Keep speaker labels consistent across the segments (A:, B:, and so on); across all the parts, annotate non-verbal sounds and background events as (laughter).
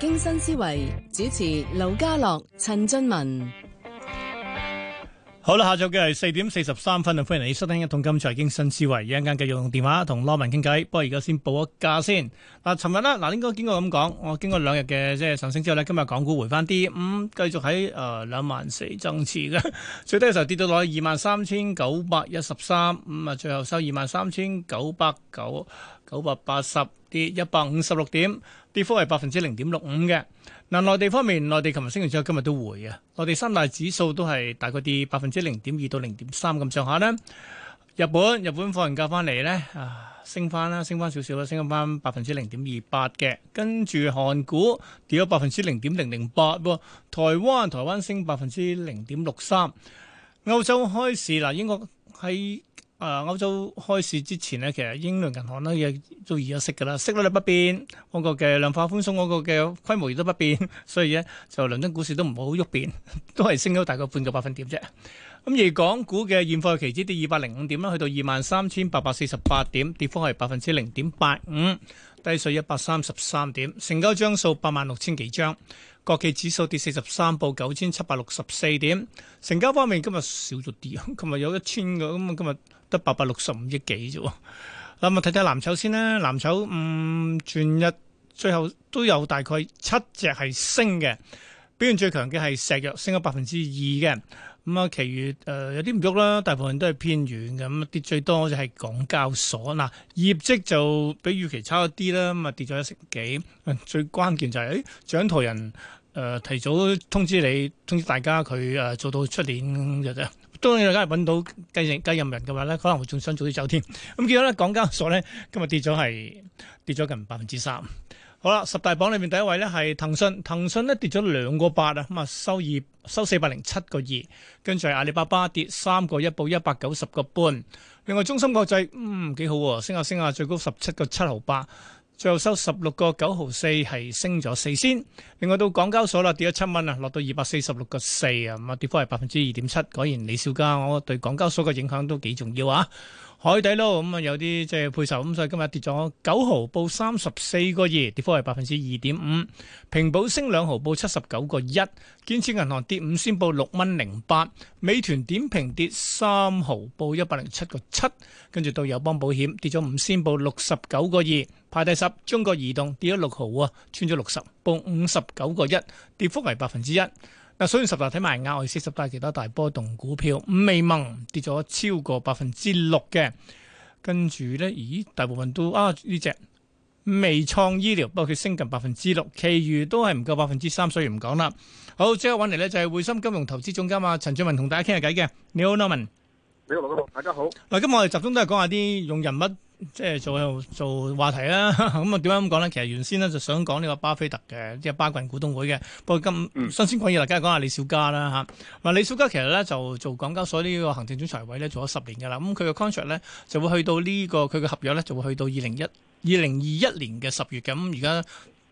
A: 經新思維主持劉家樂、陳俊文，好啦，下晝嘅係四點四十三分啦，歡迎你收聽一同今財經新思維，一陣間繼續用電話同羅文傾偈。不過而家先報一價先。嗱、啊，尋日咧，嗱、啊，應該經過咁講，我經過兩日嘅即係上升之後呢，今日港股回翻啲，咁、嗯、繼續喺誒兩萬四增持嘅，最低嘅時候跌到落去二萬三千九百一十三，咁啊最後收二萬三千九百九。九百八十跌一百五十六點，跌幅係百分之零點六五嘅。嗱，內地方面，內地琴日升完之後，今日都回嘅。內地三大指數都係大概跌百分之零點二到零點三咁上下呢，日本日本放完假翻嚟呢，啊，升翻啦，升翻少少啦，升翻百分之零點二八嘅。跟住韓股跌咗百分之零點零零八，台灣台灣升百分之零點六三。歐洲開始喇，英國喺。誒，歐洲開市之前咧，其實英倫銀行咧亦都議咗息㗎喇，息率咧不變，我個嘅量化寬鬆嗰個嘅規模亦都不變，所以呢，就倫敦股市都唔好喐變，都係升高大概半個百分點啫。咁而港股嘅現貨期指跌二百零五點啦，去到二萬三千八百四十八點，跌幅係百分之零點八五，低水一百三十三點，成交張數八萬六千幾張。國企指數跌四十三，報九千七百六十四點。成交方面今日少咗啲，琴日有一千個，咁，啊今日。得八百六十五億幾啫，嗱， (laughs) 我睇睇藍籌先啦。藍籌全日，最後都有大概七隻係升嘅，表現最強嘅係石藥，升咗百分之二嘅。咁啊、嗯，其餘誒、呃、有啲唔喐啦，大部分都係偏軟嘅。咁、嗯、跌最多就係港交所嗱、呃，業績就比預期差一啲啦，咁、嗯、啊跌咗一成幾、嗯。最關鍵就係、是、誒，掌、哎、舵人誒、呃、提早通知你，通知大家佢誒、呃、做到出年嘅啫。當然，如果係揾到繼承繼任人嘅話咧，可能會仲想早啲走添。咁見到咧，港交所咧今日跌咗係跌咗近百分之三。好啦，十大榜裏面第一位咧係騰訊，騰訊咧跌咗兩個八啊，咁啊收二收四百零七個二。跟住阿里巴巴跌三個一，報一百九十個半。另外中芯國際，嗯幾好喎、啊，升下升下，最高十七個七毫八。最後收十六個九毫四，係升咗四仙。另外到港交所啦，跌咗七蚊啊，落到二百四十六個四啊，咁啊跌幅係百分之二點七。果然李小加，我對港交所嘅影響都幾重要啊！海底撈，咁啊有啲即係配售，咁所以今日跌咗九毫，報三十四個二，跌幅係百分之二點五。平保升兩毫，報七十九個一。建設銀行跌五仙，報六蚊零八。美團點評跌三毫，報一百零七個七。跟住到友邦保險跌咗五仙，報六十九個二，排第十。中國移動跌咗六毫啊，穿咗六十，報五十九個一，跌幅係百分之一。嗱，所以十大睇埋，亞外四十大其他大波動股票未掹跌咗超過百分之六嘅，跟住咧，咦，大部分都啊呢隻微創醫療，不過佢升近百分之六，其餘都係唔夠百分之三，所以唔講啦。好，即刻揾嚟咧就係匯豐金融投資總監啊陳俊文同大家傾下偈嘅。你好，Norman。你好，羅哥，大家好。嗱，今日我哋集中都係講下啲用人物。即係做做話題啦、啊，咁啊點解咁講呢？其實原先呢，就想講呢個巴菲特嘅，即係巴郡股東會嘅。不過今新鮮講嘢嚟，梗係講下李小加啦吓，嗱、啊嗯，李小加其實呢，就做港交所呢個行政總裁位呢，做咗十年嘅啦。咁佢嘅 contract 呢，就會去到呢個佢嘅合約呢，就會去到二零一二零二一年嘅十月嘅。咁而家。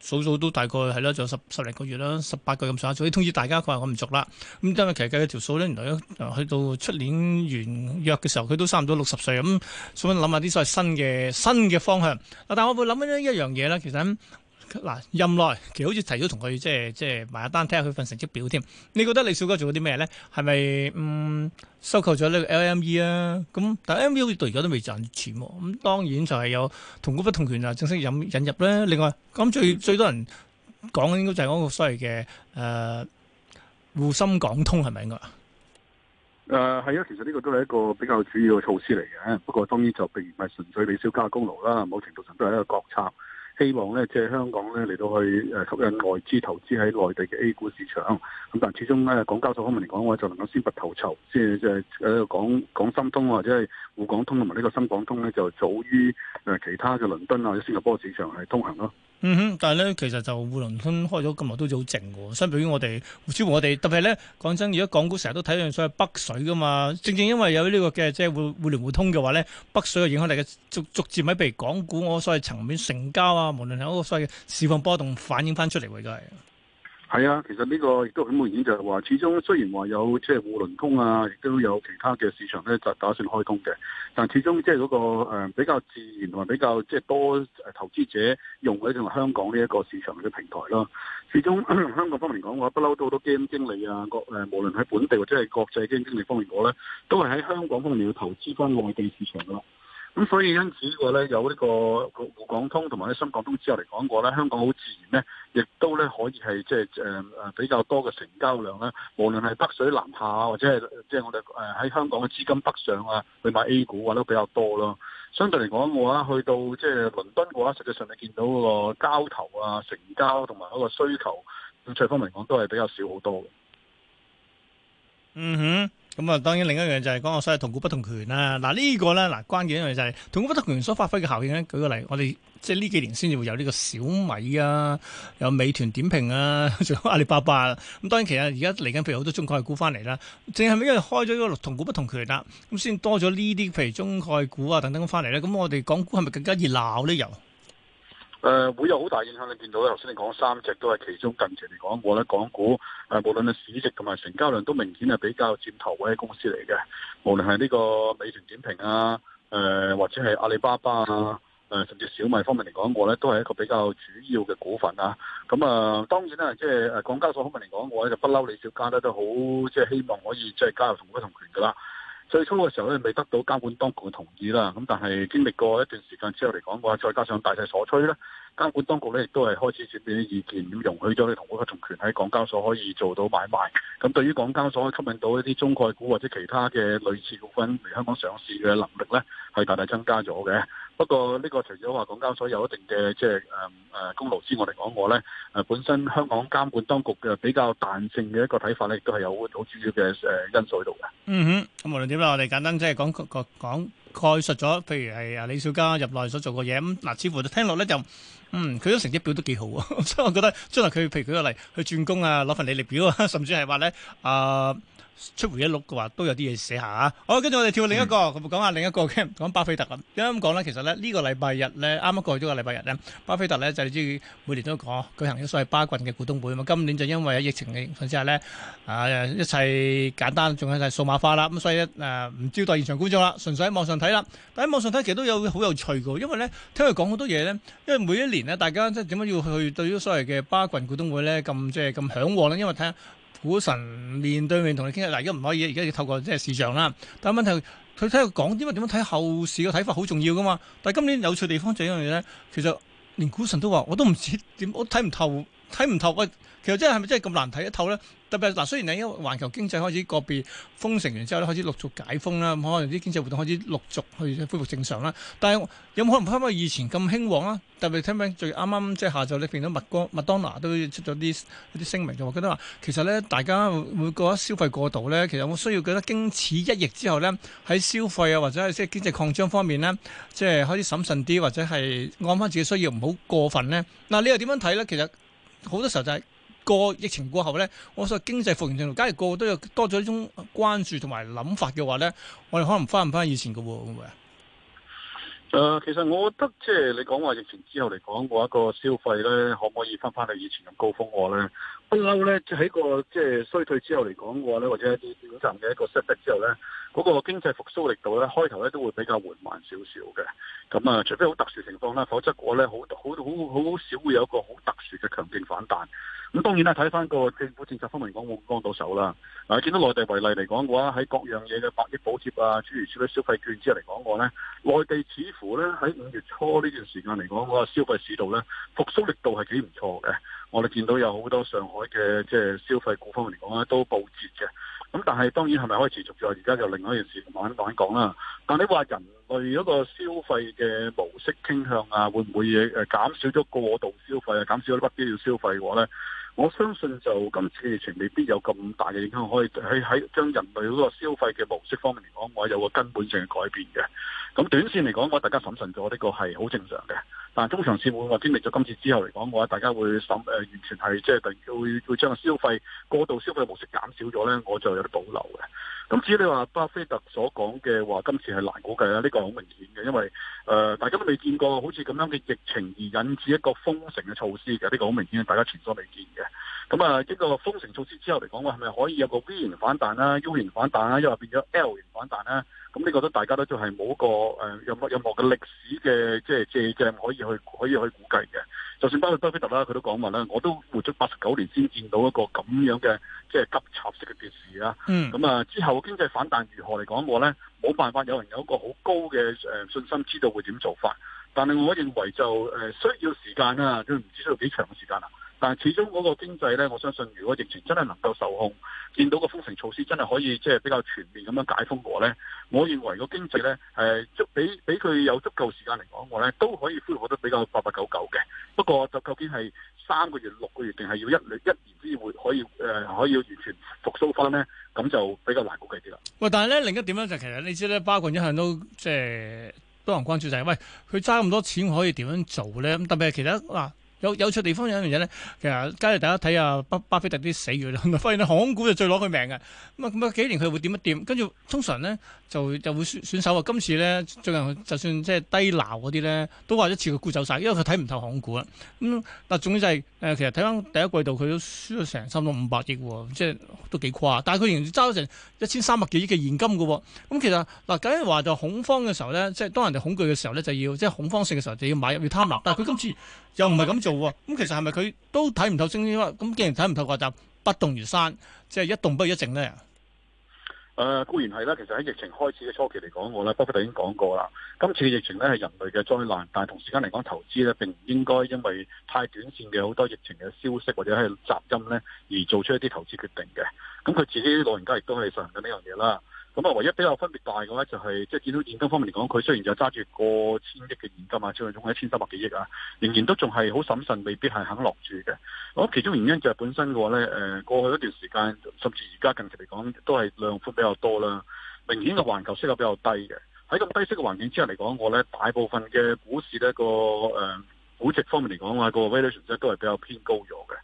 A: 數數都大概係啦，仲有十十零個月啦，十八個咁上下，所以通知大家，佢話我唔續啦。咁因為其實計條數咧，原來、呃、去到出年完約嘅時候，佢都差唔多六十歲。咁、嗯、想諗下啲所謂新嘅新嘅方向。但係我會諗一一樣嘢咧，其實嗱、啊，任內其實好似提早同佢即係即係買一單，睇下佢份成績表添。你覺得李小加做咗啲咩咧？係咪嗯收購咗呢個 LME 啊？咁、嗯、但係 LME 好似到而家都未賺錢喎、啊。咁、嗯、當然就係有同股不同權啊，正式引引入咧、啊。另外，咁最、嗯、最多人講應該就係嗰個所謂嘅誒滬深港通係咪應該？
B: 誒係啊，其實呢個都係一個比較主要嘅措施嚟嘅。不過當然就並唔係純粹李小加嘅功勞啦，某程度上都係一個國策。希望咧，即係香港咧嚟到去誒吸引外資投資喺內地嘅 A 股市場。咁但係始終咧，港交所方面嚟講，我就能夠先拔頭籌，即係就係誒港港深通或者係滬港通同埋呢個深港通咧，就早於誒其他嘅倫敦呀或者新加坡市場係通行咯。
A: 嗯哼，但係咧，其實就互聯互通開咗咁耐都好靜嘅，相比於我哋，主要我哋特別係咧，講真，而家港股成日都睇上所謂北水噶嘛，正正因為有呢、這個嘅即係互互聯互通嘅話咧，北水嘅影響力嘅逐逐漸喺譬如港股我所謂層面成交啊，無論係嗰個所謂嘅市況波動反映翻出嚟，應該係。
B: 係啊，其實呢個亦都好明顯，就係話始終雖然話有即係滬倫通啊，亦都有其他嘅市場咧，就打算開通嘅。但始終即係嗰個誒比較自然同埋比較即係多投資者用嘅，同埋香港呢一個市場嘅平台咯。始終 (coughs) 香港方面嚟講嘅，不嬲都好多基金經理啊，國誒無論喺本地或者係國際基金經理方面，我咧都係喺香港方面要投資翻內地市場噶啦。咁所以因此呢個咧有呢個滬港通同埋呢深港通之後嚟講過咧，香港好自然咧，亦都咧可以係即係誒誒比較多嘅成交量咧，無論係北水南下啊，或者係即係我哋誒喺香港嘅資金北上啊，去買 A 股啊都比較多咯。相對嚟講嘅話，去到即係倫敦嘅話，實際上你見到個交投啊、成交同埋嗰個需求咁，在方面嚟講都係比較少好多嘅。嗯
A: 哼。咁啊、嗯，當然另一樣就係講我所謂同股不同權啦、啊。嗱、啊這個、呢個咧，嗱、啊、關鍵一樣就係同股不同權所發揮嘅效應咧。舉個例，我哋即係呢幾年先至會有呢個小米啊，有美團點評啊，仲有阿里巴巴。啊。咁、嗯、當然其實而家嚟緊，譬如好多中概股翻嚟啦，正係咪因為開咗呢個同股不同權啦、啊，咁、嗯、先多咗呢啲譬如中概股啊等等咁翻嚟咧？咁、嗯、我哋港股係咪更加熱鬧咧？又？
B: 誒、呃，會有好大影響，你見到咧。頭先你講三隻都係其中，近期嚟講我咧，港股誒、呃，無論係市值同埋成交量都明顯係比較佔頭位嘅公司嚟嘅。無論係呢個美團點評啊，誒、呃，或者係阿里巴巴啊，誒、呃，甚至小米方面嚟講，我咧都係一個比較主要嘅股份啊。咁、嗯、啊、呃，當然啦，即係誒，港交所方面嚟講，我咧就不嬲李小加得都好，即係希望可以即係加入同股同權噶啦。最初嘅時候咧，未得到監管當局嘅同意啦，咁但係經歷過一段時間之後嚟講嘅話，再加上大勢所趨咧，監管當局咧亦都係開始轉變意見，咁容許咗你同股不同權喺港交所可以做到買賣。咁對於港交所吸引到一啲中概股或者其他嘅類似股份嚟香港上市嘅能力咧，係大大增加咗嘅。不過呢個除咗話港交所有一定嘅，即係誒誒功勞之外嚟講，我咧誒本身香港監管當局嘅比較彈性嘅一個睇法咧，亦都係有好主要嘅誒因素喺度嘅。
A: 嗯哼，咁無論點啦，我哋簡單即係講講講概述咗，譬如係阿李小加入內所做嘅嘢。咁嗱，似乎聽落咧就，嗯，佢個成績表都幾好啊，所以我覺得將來佢譬如舉個例去轉工啊，攞份履歷表啊，甚至係話咧啊。出回憶錄嘅話都有啲嘢寫下、啊，好、哦，跟住我哋跳到另一個，咁講下另一個嘅，講巴菲特啦。咁樣講咧，其實咧呢個禮拜日咧，啱啱過咗個禮拜日咧，巴菲特咧就知每年都講舉行咗所謂巴郡嘅股東會嘛。今年就因為疫情嘅影響之下咧，啊一切簡單，仲有就係數碼化啦。咁所以誒唔、啊、招待現場觀眾啦，純粹喺網上睇啦。但喺網上睇其實都有好有趣嘅，因為咧聽佢講好多嘢咧，因為每一年咧大家即係點樣要去對於所謂嘅巴郡股東會咧咁即係咁嚮往咧，因為睇股神面對面同你傾偈，嗱，而家唔可以，而家要透過即係市場啦。但問題佢睇講點解點樣睇後市嘅睇法好重要噶嘛？但係今年有趣地方就一樣嘢咧，其實連股神都話，我都唔知點，我睇唔透。睇唔透嘅、啊，其實是是真係係咪真係咁難睇得透咧？特別嗱，雖然你因為環球經濟開始個別封城完之後咧，開始陸續解封啦，可能啲經濟活動開始陸續去恢復正常啦。但係有冇可能翻返以前咁興旺啊？特別聽唔最啱啱即係下晝你邊都麥哥麥當娜都出咗啲啲聲明，就話覺得話其實咧，大家會覺得消費過度咧，其實我需要覺得經此一役之後咧，喺消費啊或者係即係經濟擴張方面咧，即係開始審慎啲，或者係按翻自己需要唔好過分呢。嗱、啊，你又點樣睇咧？其實？好多時候就係過疫情過後咧，我所謂經濟復原程度，假如個個都有多咗一種關注同埋諗法嘅話咧，我哋可能翻唔翻以前嘅喎？誒、
B: 呃，其實我覺得即係你講話疫情之後嚟講嘅一個消費咧，可唔可以翻翻去以前咁高峰我咧，不嬲咧喺個即係衰退之後嚟講嘅話咧，或者一啲短暫嘅一個失跌之後咧。嗰個經濟復甦力度咧，開頭咧都會比較緩慢少少嘅。咁啊，除非好特殊情況啦，否則嘅話咧，好好好好少會有一個好特殊嘅強勁反彈。咁當然啦、啊，睇翻個政府政策方面講，會唔會幫到手啦？啊，見到內地為例嚟講嘅話，喺各樣嘢嘅百億補貼啊、諸如此類消費券之後嚟講嘅話，我咧內地似乎咧喺五月初呢段時間嚟講，嗰個消費市道咧復甦力度係幾唔錯嘅。我哋見到有好多上海嘅即係消費股方面嚟講咧，都報捷嘅。咁但係當然係咪可以持續咗？而家就另外一件事我講一講啦。但你話人類嗰個消費嘅模式傾向啊，會唔會誒減少咗過度消費啊，減少咗不必要消費嘅話咧？我相信就今次嘅疫情未必有咁大嘅影響，可以喺喺將人類嗰個消費嘅模式方面嚟講，我有個根本性嘅改變嘅。咁短線嚟講，我大家審慎咗呢個係好正常嘅。但係中長線會話經歷咗今次之後嚟講，我話大家會審誒完全係即係會會將個消費過度消費模式減少咗呢，我就有啲保留嘅。咁至於你話巴菲特所講嘅話，今次係難估計啦，呢個好明顯嘅，因為誒、呃、大家都未見過好似咁樣嘅疫情而引致一個封城嘅措施嘅，呢個好明顯大家前所未見嘅。咁啊，呢個封城措施之後嚟講，話係咪可以有個 V 型反彈啦、U 型反彈啦，一話變咗 L 型反彈啦？咁呢個都大家都係冇一個誒任何嘅歷史嘅即係借鏡可以去可以去估計嘅。就算包括巴菲特啦，佢都講話啦，我都活咗八十九年先見到一個咁樣嘅即係急插式嘅跌市啦。嗯，咁啊之後經濟反彈如何嚟講話咧，冇辦法有人有一個好高嘅誒信心知道會點做法。但係我認為就誒需要時間啦，都唔知需要幾長嘅時間啦。但係始終嗰個經濟咧，我相信如果疫情真係能夠受控，見到個封城措施真係可以即係比較全面咁樣解封嘅話咧，我認為個經濟咧誒足俾俾佢有足夠時間嚟講我咧，都可以恢復得比較八八九九嘅。不過就究竟係三個月、六個月定係要一一年之會可以誒、呃、可以完全復甦翻咧，咁就比較難估計啲啦。
A: 喂，但係咧另一點咧就係其實你知咧，巴菲特一向都即係多人關注就係、是、喂佢揸咁多錢可以點樣做咧？咁特別係其他嗱。有有趣地方有一樣嘢咧，其實假如大家睇下巴巴菲特啲死語啦，發現咧航空股就最攞佢命嘅。咁啊咁啊幾年佢會點一點？跟住通常咧就就會選手啊。今次咧最近就算即係低鬧嗰啲咧，都話一次過沽走晒，因為佢睇唔透航空股啦。咁、嗯、但係總之就係、是、誒，其實睇翻第一季度佢都輸咗成差唔多五百億喎，即係都幾誇。但係佢仍然揸咗成一千三百幾億嘅現金嘅喎。咁、嗯、其實嗱，假如話就恐慌嘅時候咧，即係當人哋恐懼嘅時候咧，就要即係恐慌性嘅時候就要買入去貪婪。但係佢今次。又唔係咁做喎，咁其實係咪佢都睇唔透星星花？咁既然睇唔透，就不動如山，即係一動不如一靜呢。誒，固
B: 然係啦。其實喺疫情開始嘅初期嚟講，我咧包括我都已經講過啦。今次嘅疫情咧係人類嘅災難，但係同時間嚟講，投資咧並唔應該因為太短線嘅好多疫情嘅消息或者係雜音咧，而做出一啲投資決定嘅。咁佢自己老人家亦都係實行緊呢樣嘢啦。咁啊，唯一比較分別大嘅咧、就係，就係即係見到現金方面嚟講，佢雖然就揸住過千億嘅現金啊，淨係用一千三百幾億啊，仍然都仲係好審慎，未必係肯落注嘅。我其中原因就係本身嘅話咧，誒、呃、過去一段時間，甚至而家近期嚟講，都係量寬比較多啦，明顯嘅環球息率比較低嘅。喺咁低息嘅環境之下嚟講，我咧大部分嘅股市咧個誒、呃、估值方面嚟講啊，個 valuation 都係比較偏高咗嘅。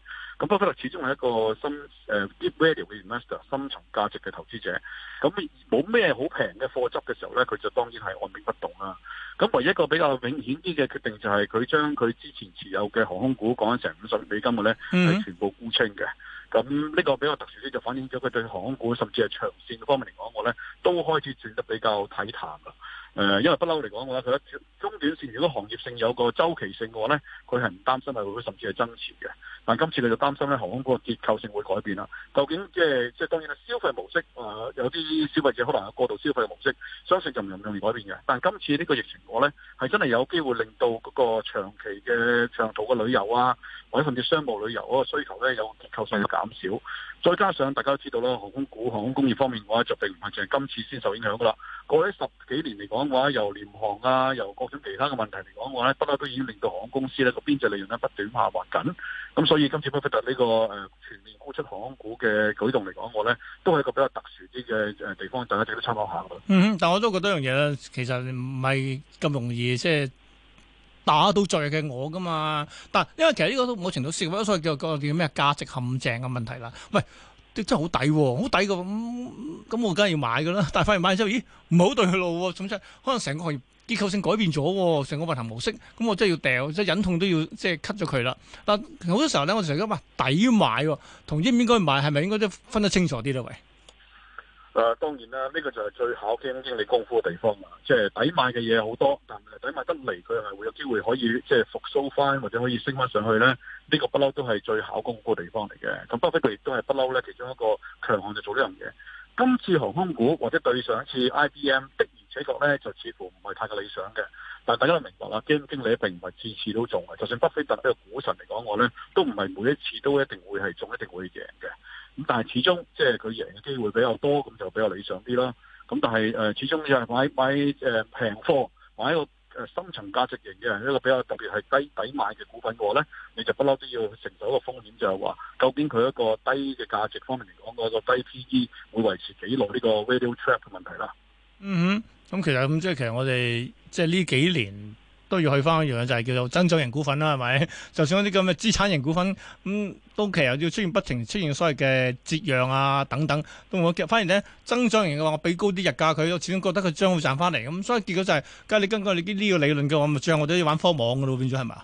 B: 咁不過始終係一個深誒、uh, deep value 嘅 investor，深層價值嘅投資者。咁冇咩好平嘅貨質嘅時候咧，佢就當然係按兵不動啦。咁唯一一個比較明顯啲嘅決定就係佢將佢之前持有嘅航空股講緊成五十五美金嘅咧，係全部沽清嘅。咁呢個比較特殊啲，就反映咗佢對航空股甚至係長線方面嚟講，我咧都開始轉得比較睇淡啦。誒，因為不嬲嚟講我覺得，佢中短綫如果行業性有個周期性嘅話咧，佢係唔擔心係會甚至係增持嘅。但今次佢就擔心咧，航空嗰個結構性會改變啦。究竟即係即係，當然啦，消費模式誒，有啲消費者可能有過度消費嘅模式，相信就唔容易改變嘅。但今次呢個疫情嘅話咧，係真係有機會令到嗰個長期嘅長途嘅旅遊啊，或
A: 者甚至
B: 商務旅遊嗰個需求咧，有結構性嘅減少。再加上大家都知道啦，航空股、航空工業方面嘅話，就並唔係淨係今次先受影響噶啦。過去十幾年嚟講嘅話，由廉航啊，由各種其他嘅問題嚟講嘅話，咧不嬲都已經令到航空公司咧個邊際利潤咧不斷下滑緊。咁所以今次巴菲特呢個誒全面沽出航空股嘅舉動嚟講，我咧都係一個比較特殊啲嘅誒地方，大家值得參考下嘅。嗯，
A: 但我都覺得一樣嘢咧，其實唔係咁容易，即係。打到在嘅，就是，我噶嘛，但係因為其實呢個到某程度涉咁，所以叫個叫咩價值陷阱嘅問題啦。喂，真係好抵，好抵嘅咁咁、嗯、我梗係要買嘅啦。但係反而買之後，咦，唔好對佢路，總之可，可能成個行業結構性改變咗，成個運行模式，咁我真係要掉，即係忍痛都要即係 cut 咗佢啦。但好多時候咧，我成日都話抵買，同應唔應該買，係咪應該都分得清楚啲咧？喂。
B: 誒，當然啦，呢個就係最考基金經理功夫嘅地方啊！即係抵買嘅嘢好多，但係抵買得嚟，佢係會有機會可以即係復甦翻，或者可以升翻上去咧。呢個不嬲都係最考功夫嘅地方嚟嘅。咁巴菲特亦都係不嬲咧，其中一個強項就做呢樣嘢。今次航空股或者對上一次 I B M 的而且確咧，就似乎唔係太過理想嘅。但係大家都明白啦，基金經理並唔係次次都中嘅。就算巴菲特呢個股神嚟講我咧，都唔係每一次都一定會係中，一定會贏嘅。咁但係始終即係佢贏嘅機會比較多，咁就比較理想啲啦。咁但係誒、呃，始終你係買買誒、呃、平貨，買一個誒深層價值型嘅一個比較特別係低底買嘅股份嘅話咧，你就不嬲都要承受一個風險就，就係話究竟佢一個低嘅價值方面嚟講，嗰個低 P E 會維持幾耐呢個 value trap 嘅問題啦。
A: 嗯哼，咁其實咁即係其實我哋即係呢幾年。都要去翻一樣就係、是、叫做增長型股份啦，係咪？就算嗰啲咁嘅資產型股份，咁、 (laughs) 嗯、都其實要出現不停出現所謂嘅折讓啊等等，都我反而咧增長型嘅話，我俾高啲日價，佢都始終覺得佢將會賺翻嚟，咁所以結果就係、是，假如你根據你呢個理論嘅話，咪、就、最、是、我都要玩科網嘅咯，變咗係咪？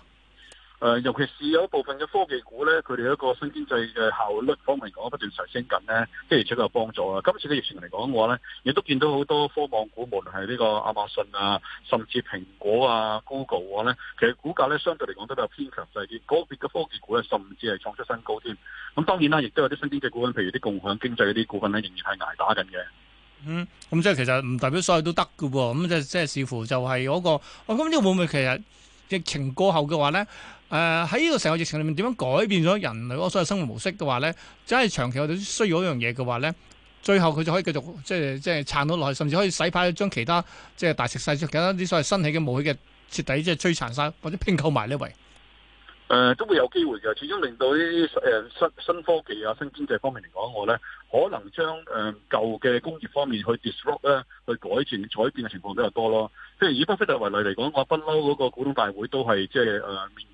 B: 誒、呃，尤其是有一部分嘅科技股咧，佢哋一個新經濟嘅效率方面講，不斷上升緊咧，即係有幫助啊！今次嘅疫情嚟講嘅話咧，亦都見到好多科網股，無論係呢個亞馬遜啊，甚至蘋果啊、Google 嘅、啊、話咧，其實股價咧相對嚟講都比較偏強。個別嘅科技股咧，甚至係創出新高添。咁當然啦，亦都有啲新經濟股份，譬如啲共享經濟嗰啲股份咧，仍然係捱打緊嘅。嗯，
A: 咁即係其實唔代表所有都得嘅噃。咁即係即係視乎就係嗰、嗰個。我諗呢個會唔會其實疫情過後嘅話咧？誒，喺呢個成個疫情裏面點樣改變咗人類嗰所有生活模式嘅話咧，真係長期我哋需要一樣嘢嘅話咧，最後佢就可以繼續即係即係撐到落去，甚至可以洗牌，將其他即係大食細食其他啲所謂新起嘅無謂嘅徹底即係摧殘晒，或者拼購埋呢位
B: 誒，都會有機會嘅。始終令到啲誒新新科技啊、新經濟方面嚟講，我咧可能將誒舊嘅工業方面去 disrupt 咧，去改善改變嘅情況比較多咯。即係以巴菲特為例嚟講，我不嬲嗰個股東大會都係即係誒。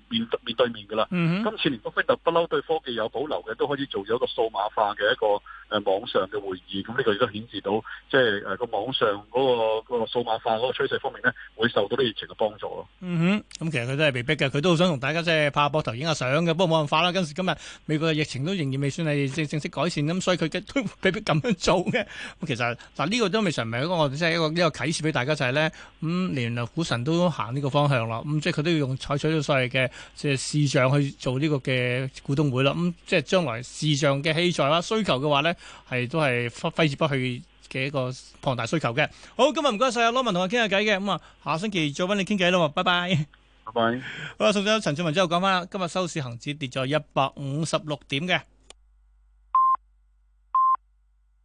B: 面對面對面嘅啦，今次連巴菲特不嬲對科技有保留嘅，都開始做咗一個數碼化嘅一個誒、呃、網上嘅會議。咁呢個亦都顯示到，即係誒個網上嗰、那個、那個數碼化嗰個趨勢方面呢，會受到啲疫情嘅幫助咯。
A: 嗯哼，咁、嗯、其實佢都係被迫嘅，佢都好想同大家即係拍下膊頭影下相嘅，不過冇辦法啦。今時今日美國嘅疫情都仍然未算係正正式改善，咁所以佢都被迫咁樣做嘅。咁其實嗱呢個都未嘗唔係一個即係一個一個啟示俾大家就係、是、呢，咁、嗯、連股神都行呢個方向啦。咁、嗯、即係佢都要用採取咗所謂嘅。即係視像去做呢個嘅股東會啦，咁、嗯、即係將來視像嘅器材啦，需求嘅話咧，係都係揮之不去嘅一個龐大需求嘅。好，今日唔該晒阿羅文同我傾下偈嘅，咁、嗯、啊，下星期再搵你傾偈啦，拜拜。拜拜。好啊，仲有陳俊文之後講翻啦，今日收市恒指跌咗一百五十六點嘅。